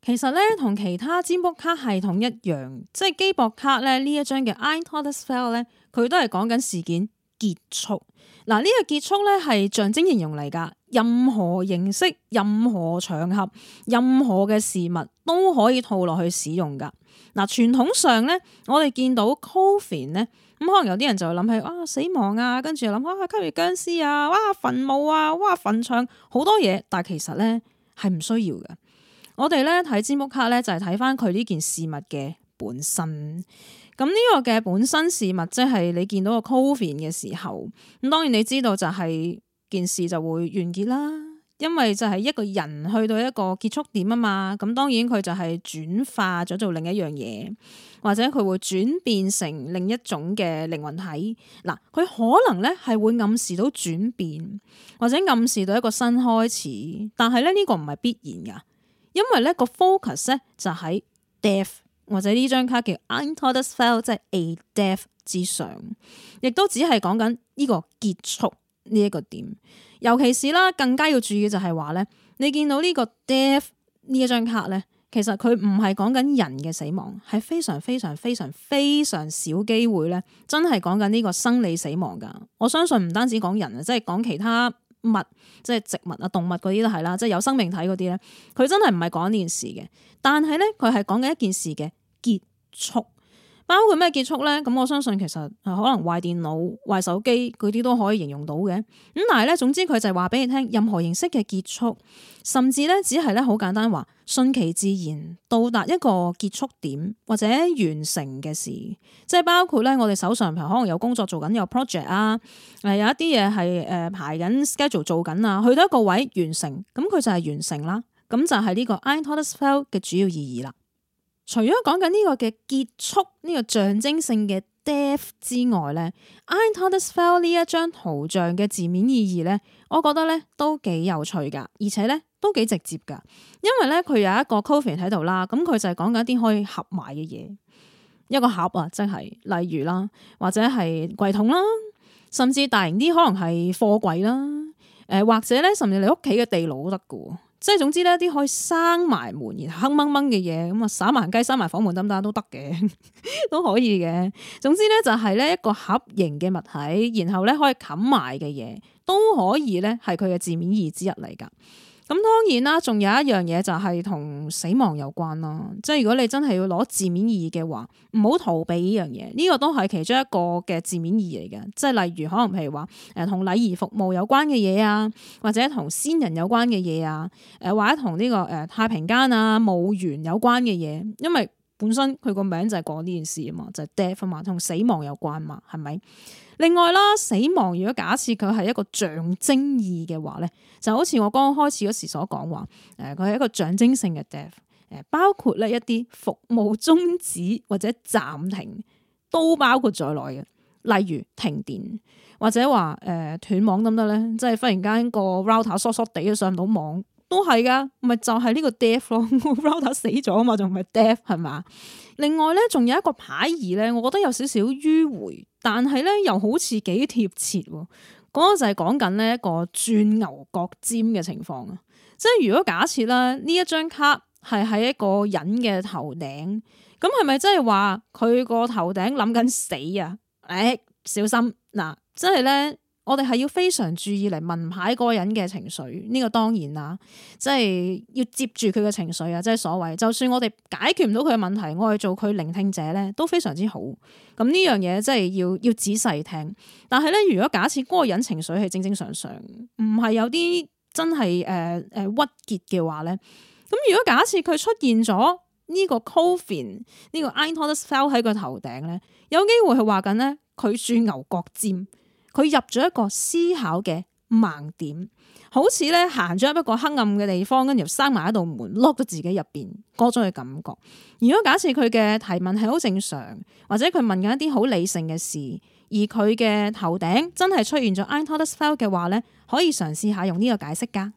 其實咧，同其他占卜卡系統一樣，即係機博卡咧呢一張嘅 I TOTUS FEL 咧，佢都係講緊事件結束。嗱，呢個結束咧係象徵形容嚟噶，任何形式、任何場合、任何嘅事物都可以套落去使用噶。嗱，傳統上咧，我哋見到 Coffin 咧，咁可能有啲人就會諗起哇死亡啊，跟住諗哇吸血僵屍啊，哇墳墓啊，哇墳場好多嘢，但係其實咧係唔需要嘅。我哋咧睇占卜卡咧，就係睇翻佢呢件事物嘅本身。咁呢個嘅本身事物，即係你見到個 covid 嘅時候，咁當然你知道就係件事就會完結啦，因為就係一個人去到一個結束點啊嘛。咁當然佢就係轉化咗做另一樣嘢，或者佢會轉變成另一種嘅靈魂體。嗱，佢可能咧係會暗示到轉變，或者暗示到一個新開始，但係咧呢個唔係必然噶。因為咧個 focus 咧就喺 death 或者呢張卡叫 intoduce fell 即係 a death 之上，亦都只係講緊呢個結束呢一個點。尤其是啦，更加要注意嘅就係話咧，你見到呢個 death 呢一張卡咧，其實佢唔係講緊人嘅死亡，係非常非常非常非常少機會咧，真係講緊呢個生理死亡㗎。我相信唔單止講人啊，即係講其他。物即係植物啊、動物嗰啲都係啦，即係有生命體嗰啲咧，佢真係唔係講呢件事嘅，但係咧佢係講緊一件事嘅結束，包括咩結束咧？咁我相信其實可能壞電腦、壞手機嗰啲都可以形容到嘅。咁但係咧，總之佢就係話俾你聽，任何形式嘅結束，甚至咧只係咧好簡單話。順其自然，到達一個結束點或者完成嘅事，即係包括咧，我哋手上譬如可能有工作做緊，有 project 啊，誒有一啲嘢係誒排緊 schedule 做緊啊，去到一個位完成，咁佢就係完成啦。咁就係呢個 I told a spell 嘅主要意義啦。除咗講緊呢個嘅結束，呢個象徵性嘅 death 之外咧，I told a spell 呢一張圖像嘅字面意義咧，我覺得咧都幾有趣噶，而且咧，都幾直接噶，因為咧佢有一個 coffee 喺度啦，咁佢就係講緊一啲可以合埋嘅嘢，一個盒啊，即係，例如啦，或者係櫃桶啦，甚至大型啲可能係貨櫃啦，誒、呃，或者咧，甚至你屋企嘅地牢都得噶，即係總之呢，一啲可以生埋門，然後黑掹掹嘅嘢，咁啊，閂埋雞、閂埋房門、掟掟都得嘅，都可以嘅。 總之咧，就係咧一個盒形嘅物體，然後咧可以冚埋嘅嘢，都可以咧係佢嘅字面意之一嚟噶。咁當然啦，仲有一樣嘢就係同死亡有關啦，即係如果你真係要攞字面意義嘅話，唔好逃避呢樣嘢，呢、這個都係其中一個嘅字面意義嚟嘅，即係例如可能譬如話誒同禮儀服務有關嘅嘢啊，或者同先人有關嘅嘢啊，誒或者同呢、這個誒、呃、太平間啊墓園有關嘅嘢，因為本身佢個名就係講呢件事啊、就是、嘛，就係 death 嘛，同死亡有關嘛，係咪？另外啦，死亡如果假設佢係一個象徵意嘅話咧，就好似我剛開始嗰時所講話，誒佢係一個象徵性嘅 death，誒包括咧一啲服務終止或者暫停都包括在內嘅，例如停電或者話誒、呃、斷網得唔得咧？即係忽然間個 router 疏疏地上唔到網。都係噶，咪、哦、就係、是、呢個 death 咯 router 死咗啊嘛，仲唔係 death 係嘛？另外咧，仲有一個牌兒咧，我覺得有少少迂回，但係咧又好似幾貼切。嗰、那個就係講緊呢一個轉牛角尖嘅情況啊，即係如果假設咧呢一張卡係喺一個人嘅頭頂，咁係咪真係話佢個頭頂諗緊死啊？誒，小心嗱，即係咧。我哋係要非常注意嚟問牌嗰個人嘅情緒，呢個當然啦，即係要接住佢嘅情緒啊！即係所謂，就算我哋解決唔到佢嘅問題，我去做佢聆聽者咧，都非常之好。咁呢樣嘢即係要要仔細聽。但係咧，如果假設嗰個人情緒係正正常常，唔係有啲真係誒誒鬱結嘅話咧，咁如果假設佢出現咗呢個 coffin 呢個 intoduce fell 喺個頭頂咧，有機會係話緊咧佢鑽牛角尖。佢入咗一個思考嘅盲點，好似咧行咗入一個黑暗嘅地方，跟住閂埋一道門，lock 咗自己入邊，嗰種嘅感覺。如果假設佢嘅提問係好正常，或者佢問緊一啲好理性嘅事，而佢嘅頭頂真係出現咗 Iodas spell 嘅話咧，可以嘗試下用呢個解釋噶。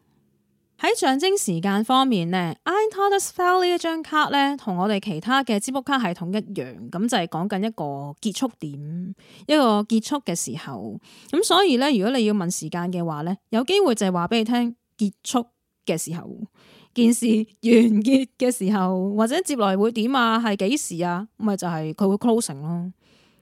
喺象徵時間方面呢 I taught us fail 呢一張卡咧，同我哋其他嘅支付卡系統一樣，咁就係講緊一個結束點，一個結束嘅時候。咁所以咧，如果你要問時間嘅話咧，有機會就係話俾你聽結束嘅時候，件事完結嘅時候，或者接來會點啊？係幾時啊？咪就係、是、佢會 closing 咯，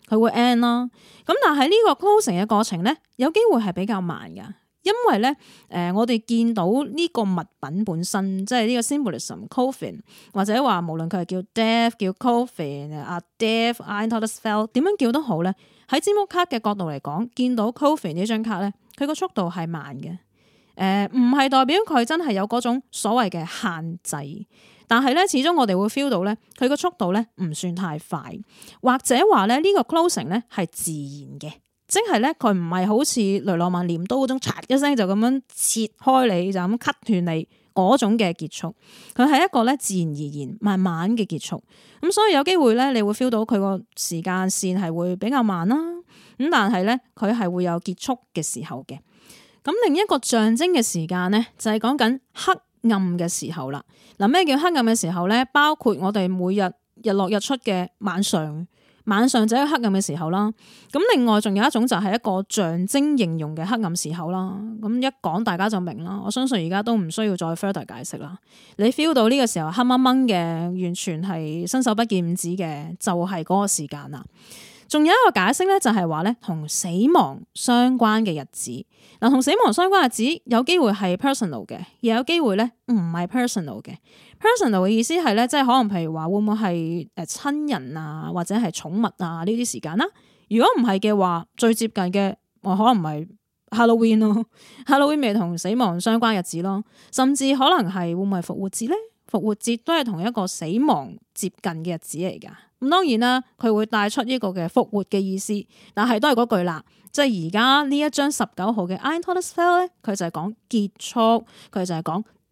佢會 end 咯。咁但係呢個 closing 嘅過程咧，有機會係比較慢噶。因為咧，誒，我哋見到呢個物品本身，即係呢個 symbolism，coffin，或者話無論佢係叫 death，叫 coffin，啊 d e a、啊、t h i n t o s f e l l 點樣叫都好咧。喺占卜卡嘅角度嚟講，見到 coffin 呢張卡咧，佢個速度係慢嘅。誒、呃，唔係代表佢真係有嗰種所謂嘅限制，但係咧，始終我哋會 feel 到咧，佢個速度咧唔算太快，或者話咧呢個 closing 咧係自然嘅。即係咧，佢唔係好似雷諾曼鐮刀嗰種嚓一聲就咁樣切開你就咁 cut 斷你嗰種嘅結束，佢係一個咧自然而然慢慢嘅結束。咁所以有機會咧，你會 feel 到佢個時間線係會比較慢啦。咁但係咧，佢係會有結束嘅時候嘅。咁另一個象徵嘅時間咧，就係講緊黑暗嘅時候啦。嗱，咩叫黑暗嘅時候咧？包括我哋每日日落日出嘅晚上。晚上就係黑暗嘅時候啦，咁另外仲有一種就係一個象徵形容嘅黑暗時候啦，咁一講大家就明啦。我相信而家都唔需要再 further 解釋啦。你 feel 到呢個時候黑掹掹嘅，完全係伸手不見五指嘅，就係嗰個時間啦。仲有一個解釋咧，就係話咧同死亡相關嘅日子，嗱同死亡相關日子有機會係 personal 嘅，亦有機會咧唔係 personal 嘅。personal 嘅意思係咧，即係可能譬如話會唔會係誒親人啊，或者係寵物啊呢啲時間啦、啊。如果唔係嘅話，最接近嘅、哦、可能唔係、啊、 Halloween 咯。Halloween 咪同死亡相關嘅日子咯、啊，甚至可能係會唔會復活節咧？復活節都係同一個死亡接近嘅日子嚟噶。咁當然啦，佢會帶出呢個嘅復活嘅意思，但係都係嗰句啦，即係而家呢一張十九號嘅《I n Told You So》咧，佢就係講結束，佢就係講。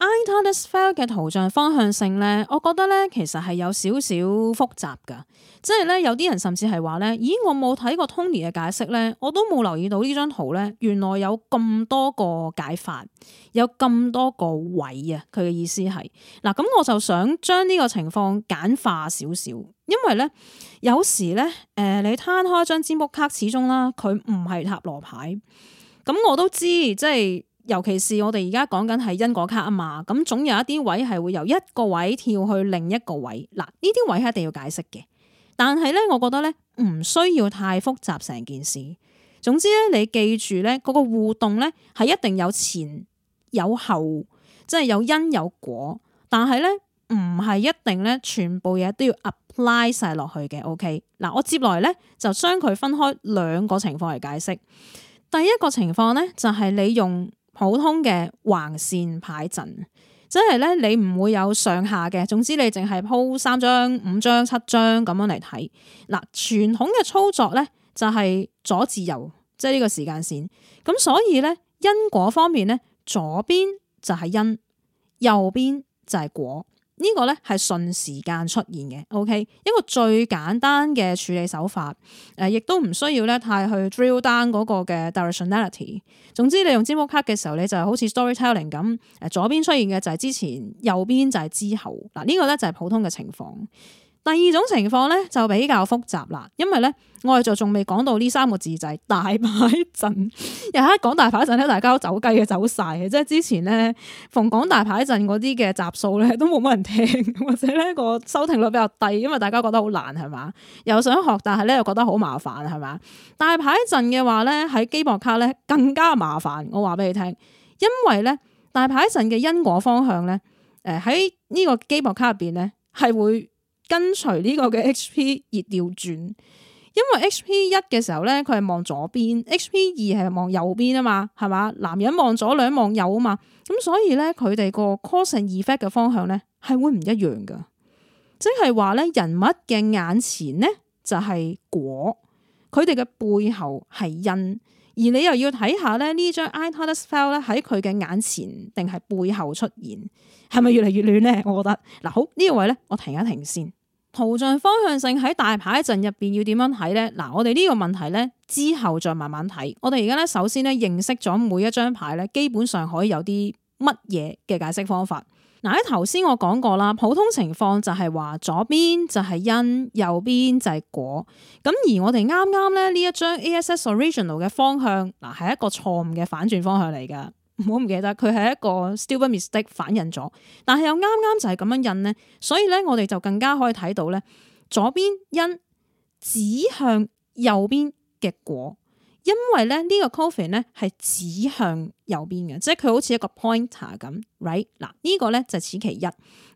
Ita 埃塔的 s fair 嘅圖像方向性咧，我覺得咧其實係有少少複雜噶，即係咧有啲人甚至係話咧，咦我冇睇過 Tony 嘅解釋咧，我都冇留意到呢張圖咧，原來有咁多個解法，有咁多個位啊！佢嘅意思係，嗱咁我就想將呢個情況簡化少少，因為咧有時咧，誒、呃、你攤開張占卜卡，始終啦，佢唔係塔羅牌，咁我都知即係。尤其是我哋而家講緊係因果卡啊嘛，咁總有一啲位係會由一個位跳去另一個位，嗱呢啲位係一定要解釋嘅。但係咧，我覺得咧唔需要太複雜成件事。總之咧，你記住咧嗰個互動咧係一定有前有後，即係有因有果。但係咧唔係一定咧全部嘢都要 apply 晒落去嘅。OK，嗱我接落嚟咧就將佢分開兩個情況嚟解釋。第一個情況咧就係你用。普通嘅橫線牌陣，即係咧你唔會有上下嘅，總之你淨係鋪三張、五張、七張咁樣嚟睇。嗱，傳統嘅操作咧就係左至右，即係呢個時間線。咁所以咧因果方面咧，左邊就係因，右邊就係果。呢個咧係順時間出現嘅，OK。一個最簡單嘅處理手法，誒，亦都唔需要咧太去 drill down 嗰個嘅 directionality。總之，你用字幕卡嘅時候，你就好似 storytelling 咁，誒，左邊出現嘅就係之前，右邊就係之後。嗱，呢個咧就係普通嘅情況。第二種情況咧就比較複雜啦，因為咧我哋就仲未講到呢三個字，就係大牌陣。而家講大牌陣咧，大家都走雞嘅走晒嘅，即係之前咧逢講大牌陣嗰啲嘅集數咧都冇乜人聽，或者咧個收聽率比較低，因為大家覺得好難係嘛，又想學但係咧又覺得好麻煩係嘛。大牌陣嘅話咧喺基博卡咧更加麻煩，我話俾你聽，因為咧大牌陣嘅因果方向咧，誒喺呢個基博卡入邊咧係會。跟隨呢個嘅 H.P. 而調轉，因為 H.P. 一嘅時候咧，佢係望左邊；H.P. 二係望右邊啊嘛，係嘛？男人望左，女人望右啊嘛，咁所以咧，佢哋個 cause and effect 嘅方向咧係會唔一樣噶，即係話咧，人物嘅眼前呢，就係果，佢哋嘅背後係因，而你又要睇下咧呢張 Iodas spell 咧喺佢嘅眼前定係背後出現，係咪越嚟越亂咧？我覺得嗱，好，呢個位咧，我停一停先。圖像方向性喺大牌陣入邊要點樣睇呢？嗱，我哋呢個問題呢，之後再慢慢睇。我哋而家呢，首先呢認識咗每一張牌呢，基本上可以有啲乜嘢嘅解釋方法。嗱，喺頭先我講過啦，普通情況就係話左邊就係因，右邊就係果。咁而我哋啱啱呢，呢一張 A S S Original 嘅方向，嗱係一個錯誤嘅反轉方向嚟噶。唔好唔記得，佢係一個 stupid mistake 反印咗，但係又啱啱就係咁樣印呢。所以咧我哋就更加可以睇到咧，左邊因指向右邊嘅果，因為咧呢個 Coffin 咧係指向右邊嘅，即係佢好似一個 Pointer 咁，Right。嗱呢個咧就此其一，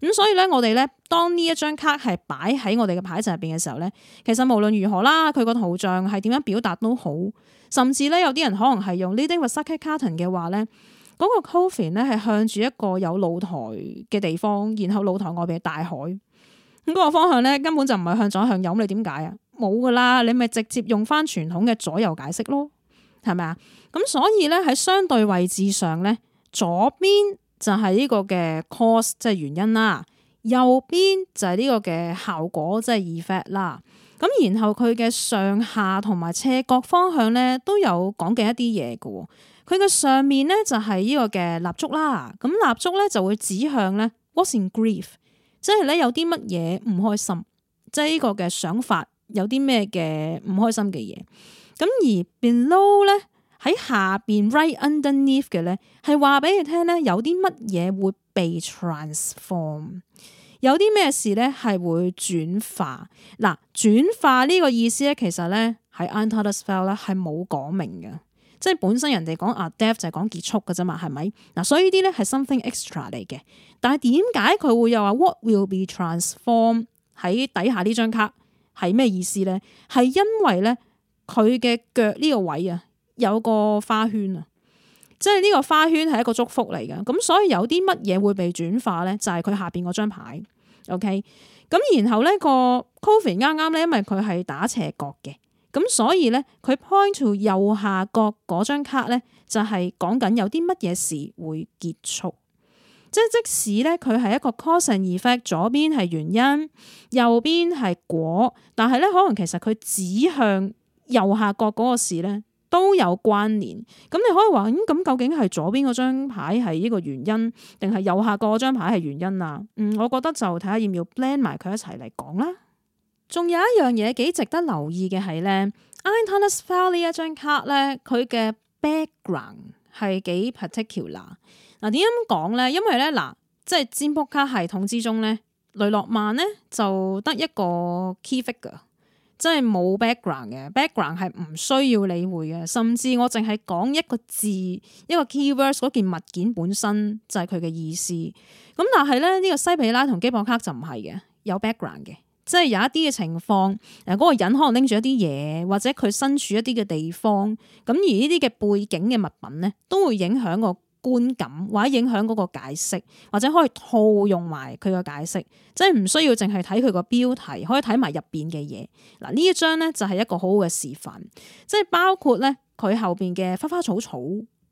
咁所以咧我哋咧當呢一張卡係擺喺我哋嘅牌陣入邊嘅時候咧，其實無論如何啦，佢個圖像係點樣表達都好，甚至咧有啲人可能係用呢啲。d y c u 嘅話咧。嗰個 coffin 咧係向住一個有露台嘅地方，然後露台外邊係大海。咁、那、嗰個方向咧根本就唔係向左向右，咁你點解啊？冇噶啦，你咪直接用翻傳統嘅左右解釋咯，係咪啊？咁所以咧喺相對位置上咧，左邊就係呢個嘅 cause，即係原因啦；右邊就係呢個嘅效果，即係 effect 啦。咁然後佢嘅上下同埋斜角方向咧都有講嘅一啲嘢嘅。佢嘅上面咧就係呢個嘅蠟燭啦，咁蠟燭咧就會指向咧 what’s in grief，即係咧有啲乜嘢唔開心，即係呢個嘅想法有啲咩嘅唔開心嘅嘢，咁而 below 咧喺下邊 right underneath 嘅咧係話俾你聽咧有啲乜嘢會被 transform，有啲咩事咧係會轉化，嗱，轉化呢個意思咧其實咧喺 intertextual 咧係冇講明嘅。即係本身人哋講啊 death 就係講結束嘅啫嘛，係咪？嗱，所以呢啲咧係 something extra 嚟嘅。但係點解佢會又話 what will be transformed 喺底下呢張卡係咩意思咧？係因為咧佢嘅腳呢個位啊有個花圈啊，即係呢個花圈係一個祝福嚟嘅。咁所以有啲乜嘢會被轉化咧？就係、是、佢下邊嗰張牌。OK，咁然後呢個 coffee 啱啱咧，因為佢係打斜角嘅。咁所以咧，佢 point to 右下角嗰張卡咧，就係講緊有啲乜嘢事會結束。即係即使咧，佢係一個 causation effect，左邊係原因，右邊係果，但係咧可能其實佢指向右下角嗰個事咧都有關聯。咁你可以話，咁、嗯、究竟係左邊嗰張牌係呢個原因，定係右下角嗰張牌係原因啊？嗯，我覺得就睇下要唔要 blend 埋佢一齊嚟講啦。仲有一樣嘢幾值得留意嘅係咧，Antonis Paul 呢一張卡咧，佢嘅 background 係幾 particular。嗱，點樣講咧？因為咧，嗱，即係占卜卡系統之中咧，雷諾曼咧就得一個 key figure 嘅，即係冇 background 嘅，background 係唔需要理會嘅，甚至我淨係講一個字一個 keywords 嗰件物件本身就係佢嘅意思。咁但係咧呢個西皮拉同基博卡就唔係嘅，有 background 嘅。即係有一啲嘅情況，嗱、呃、嗰、嗰個人可能拎住一啲嘢，或者佢身處一啲嘅地方，咁而呢啲嘅背景嘅物品咧，都會影響個觀感，或者影響嗰個解釋，或者可以套用埋佢嘅解釋，即係唔需要淨係睇佢個標題，可以睇埋入邊嘅嘢。嗱呢一張咧就係、係、一個好好嘅示範，即係包括咧佢後邊嘅花花草草，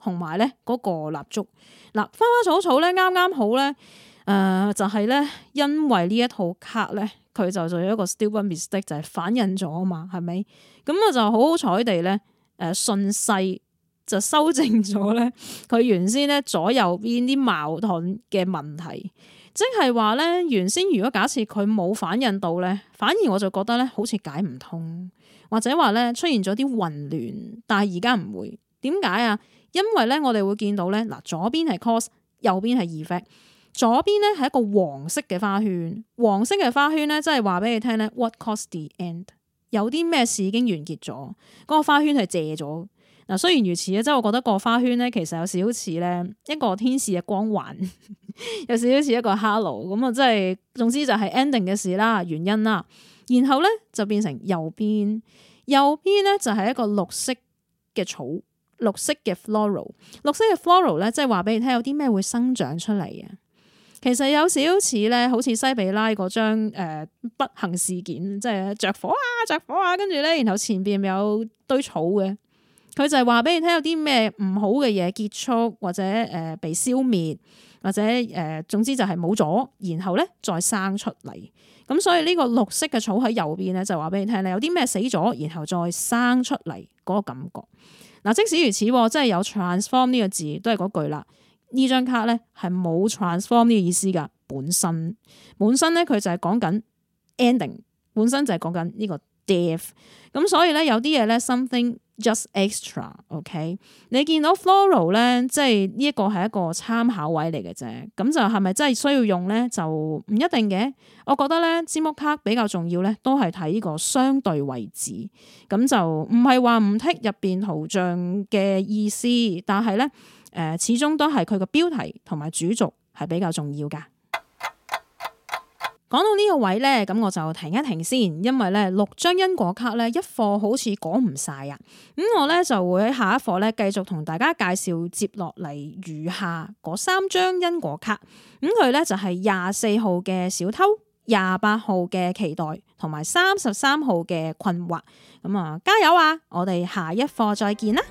同埋咧嗰個蠟燭。嗱、呃、花花草草咧啱啱好咧。誒、呃、就係咧，因為呢一套卡咧，佢就做一個 stupid mistake，就係反印咗啊嘛，係咪咁？我就好好彩地咧，誒，順勢就修正咗咧。佢原先咧，左右邊啲矛盾嘅問題，即係話咧，原先如果假設佢冇反印到咧，反而我就覺得咧好似解唔通，或者話咧出現咗啲混亂，但係而家唔會。點解啊？因為咧我哋會見到咧嗱，左邊係 cause，右邊係 effect。左邊呢係一個黃色嘅花圈，黃色嘅花圈呢，即係話俾你聽呢，what caused the end？有啲咩事已經完結咗，嗰、那個花圈係謝咗。嗱，雖然如此咧，即係我覺得個花圈呢，其實有少少似呢一個天使嘅光環， 有少少似一個 hello。咁啊，即係總之就係 ending 嘅事啦，原因啦。然後呢，就變成右邊，右邊呢，就係一個綠色嘅草，綠色嘅 floral，綠色嘅 floral 呢，即係話俾你聽，有啲咩會生長出嚟嘅。其實有少少似咧，好似西比拉嗰張誒不幸事件，即係着火啊，着火啊，跟住咧，然後前邊有堆草嘅，佢就係話俾你聽有啲咩唔好嘅嘢結束或者誒被消滅或者誒、呃，總之就係冇咗，然後咧再生出嚟。咁所以呢個綠色嘅草喺右邊咧，就話俾你聽咧，有啲咩死咗，然後再生出嚟嗰個感覺。嗱，即使如此，即係有 transform 呢個字，都係嗰句啦。呢張卡咧係冇 transform 呢個意思噶，本身本身咧佢就係講緊 ending，本身就係講緊呢個 death。咁所以咧有啲嘢咧 something just extra，OK？你見到 floral 咧，即係呢一個係一個參考位嚟嘅啫。咁就係咪真係需要用咧？就唔一定嘅。我覺得咧，字幕卡比較重要咧，都係睇呢個相對位置。咁就唔係話唔剔入面圖像嘅意思，但係咧。始終都係佢個標題同埋主軸係比較重要噶。講到呢個位呢，咁我就停一停先，因為呢六張因果卡呢，一課好似講唔晒啊。咁我呢，就會喺下一課呢繼續同大家介紹接落嚟餘下嗰三張因果卡。咁佢呢，就係廿四號嘅小偷，廿八號嘅期待，同埋三十三號嘅困惑。咁啊，加油啊！我哋下一課再見啦。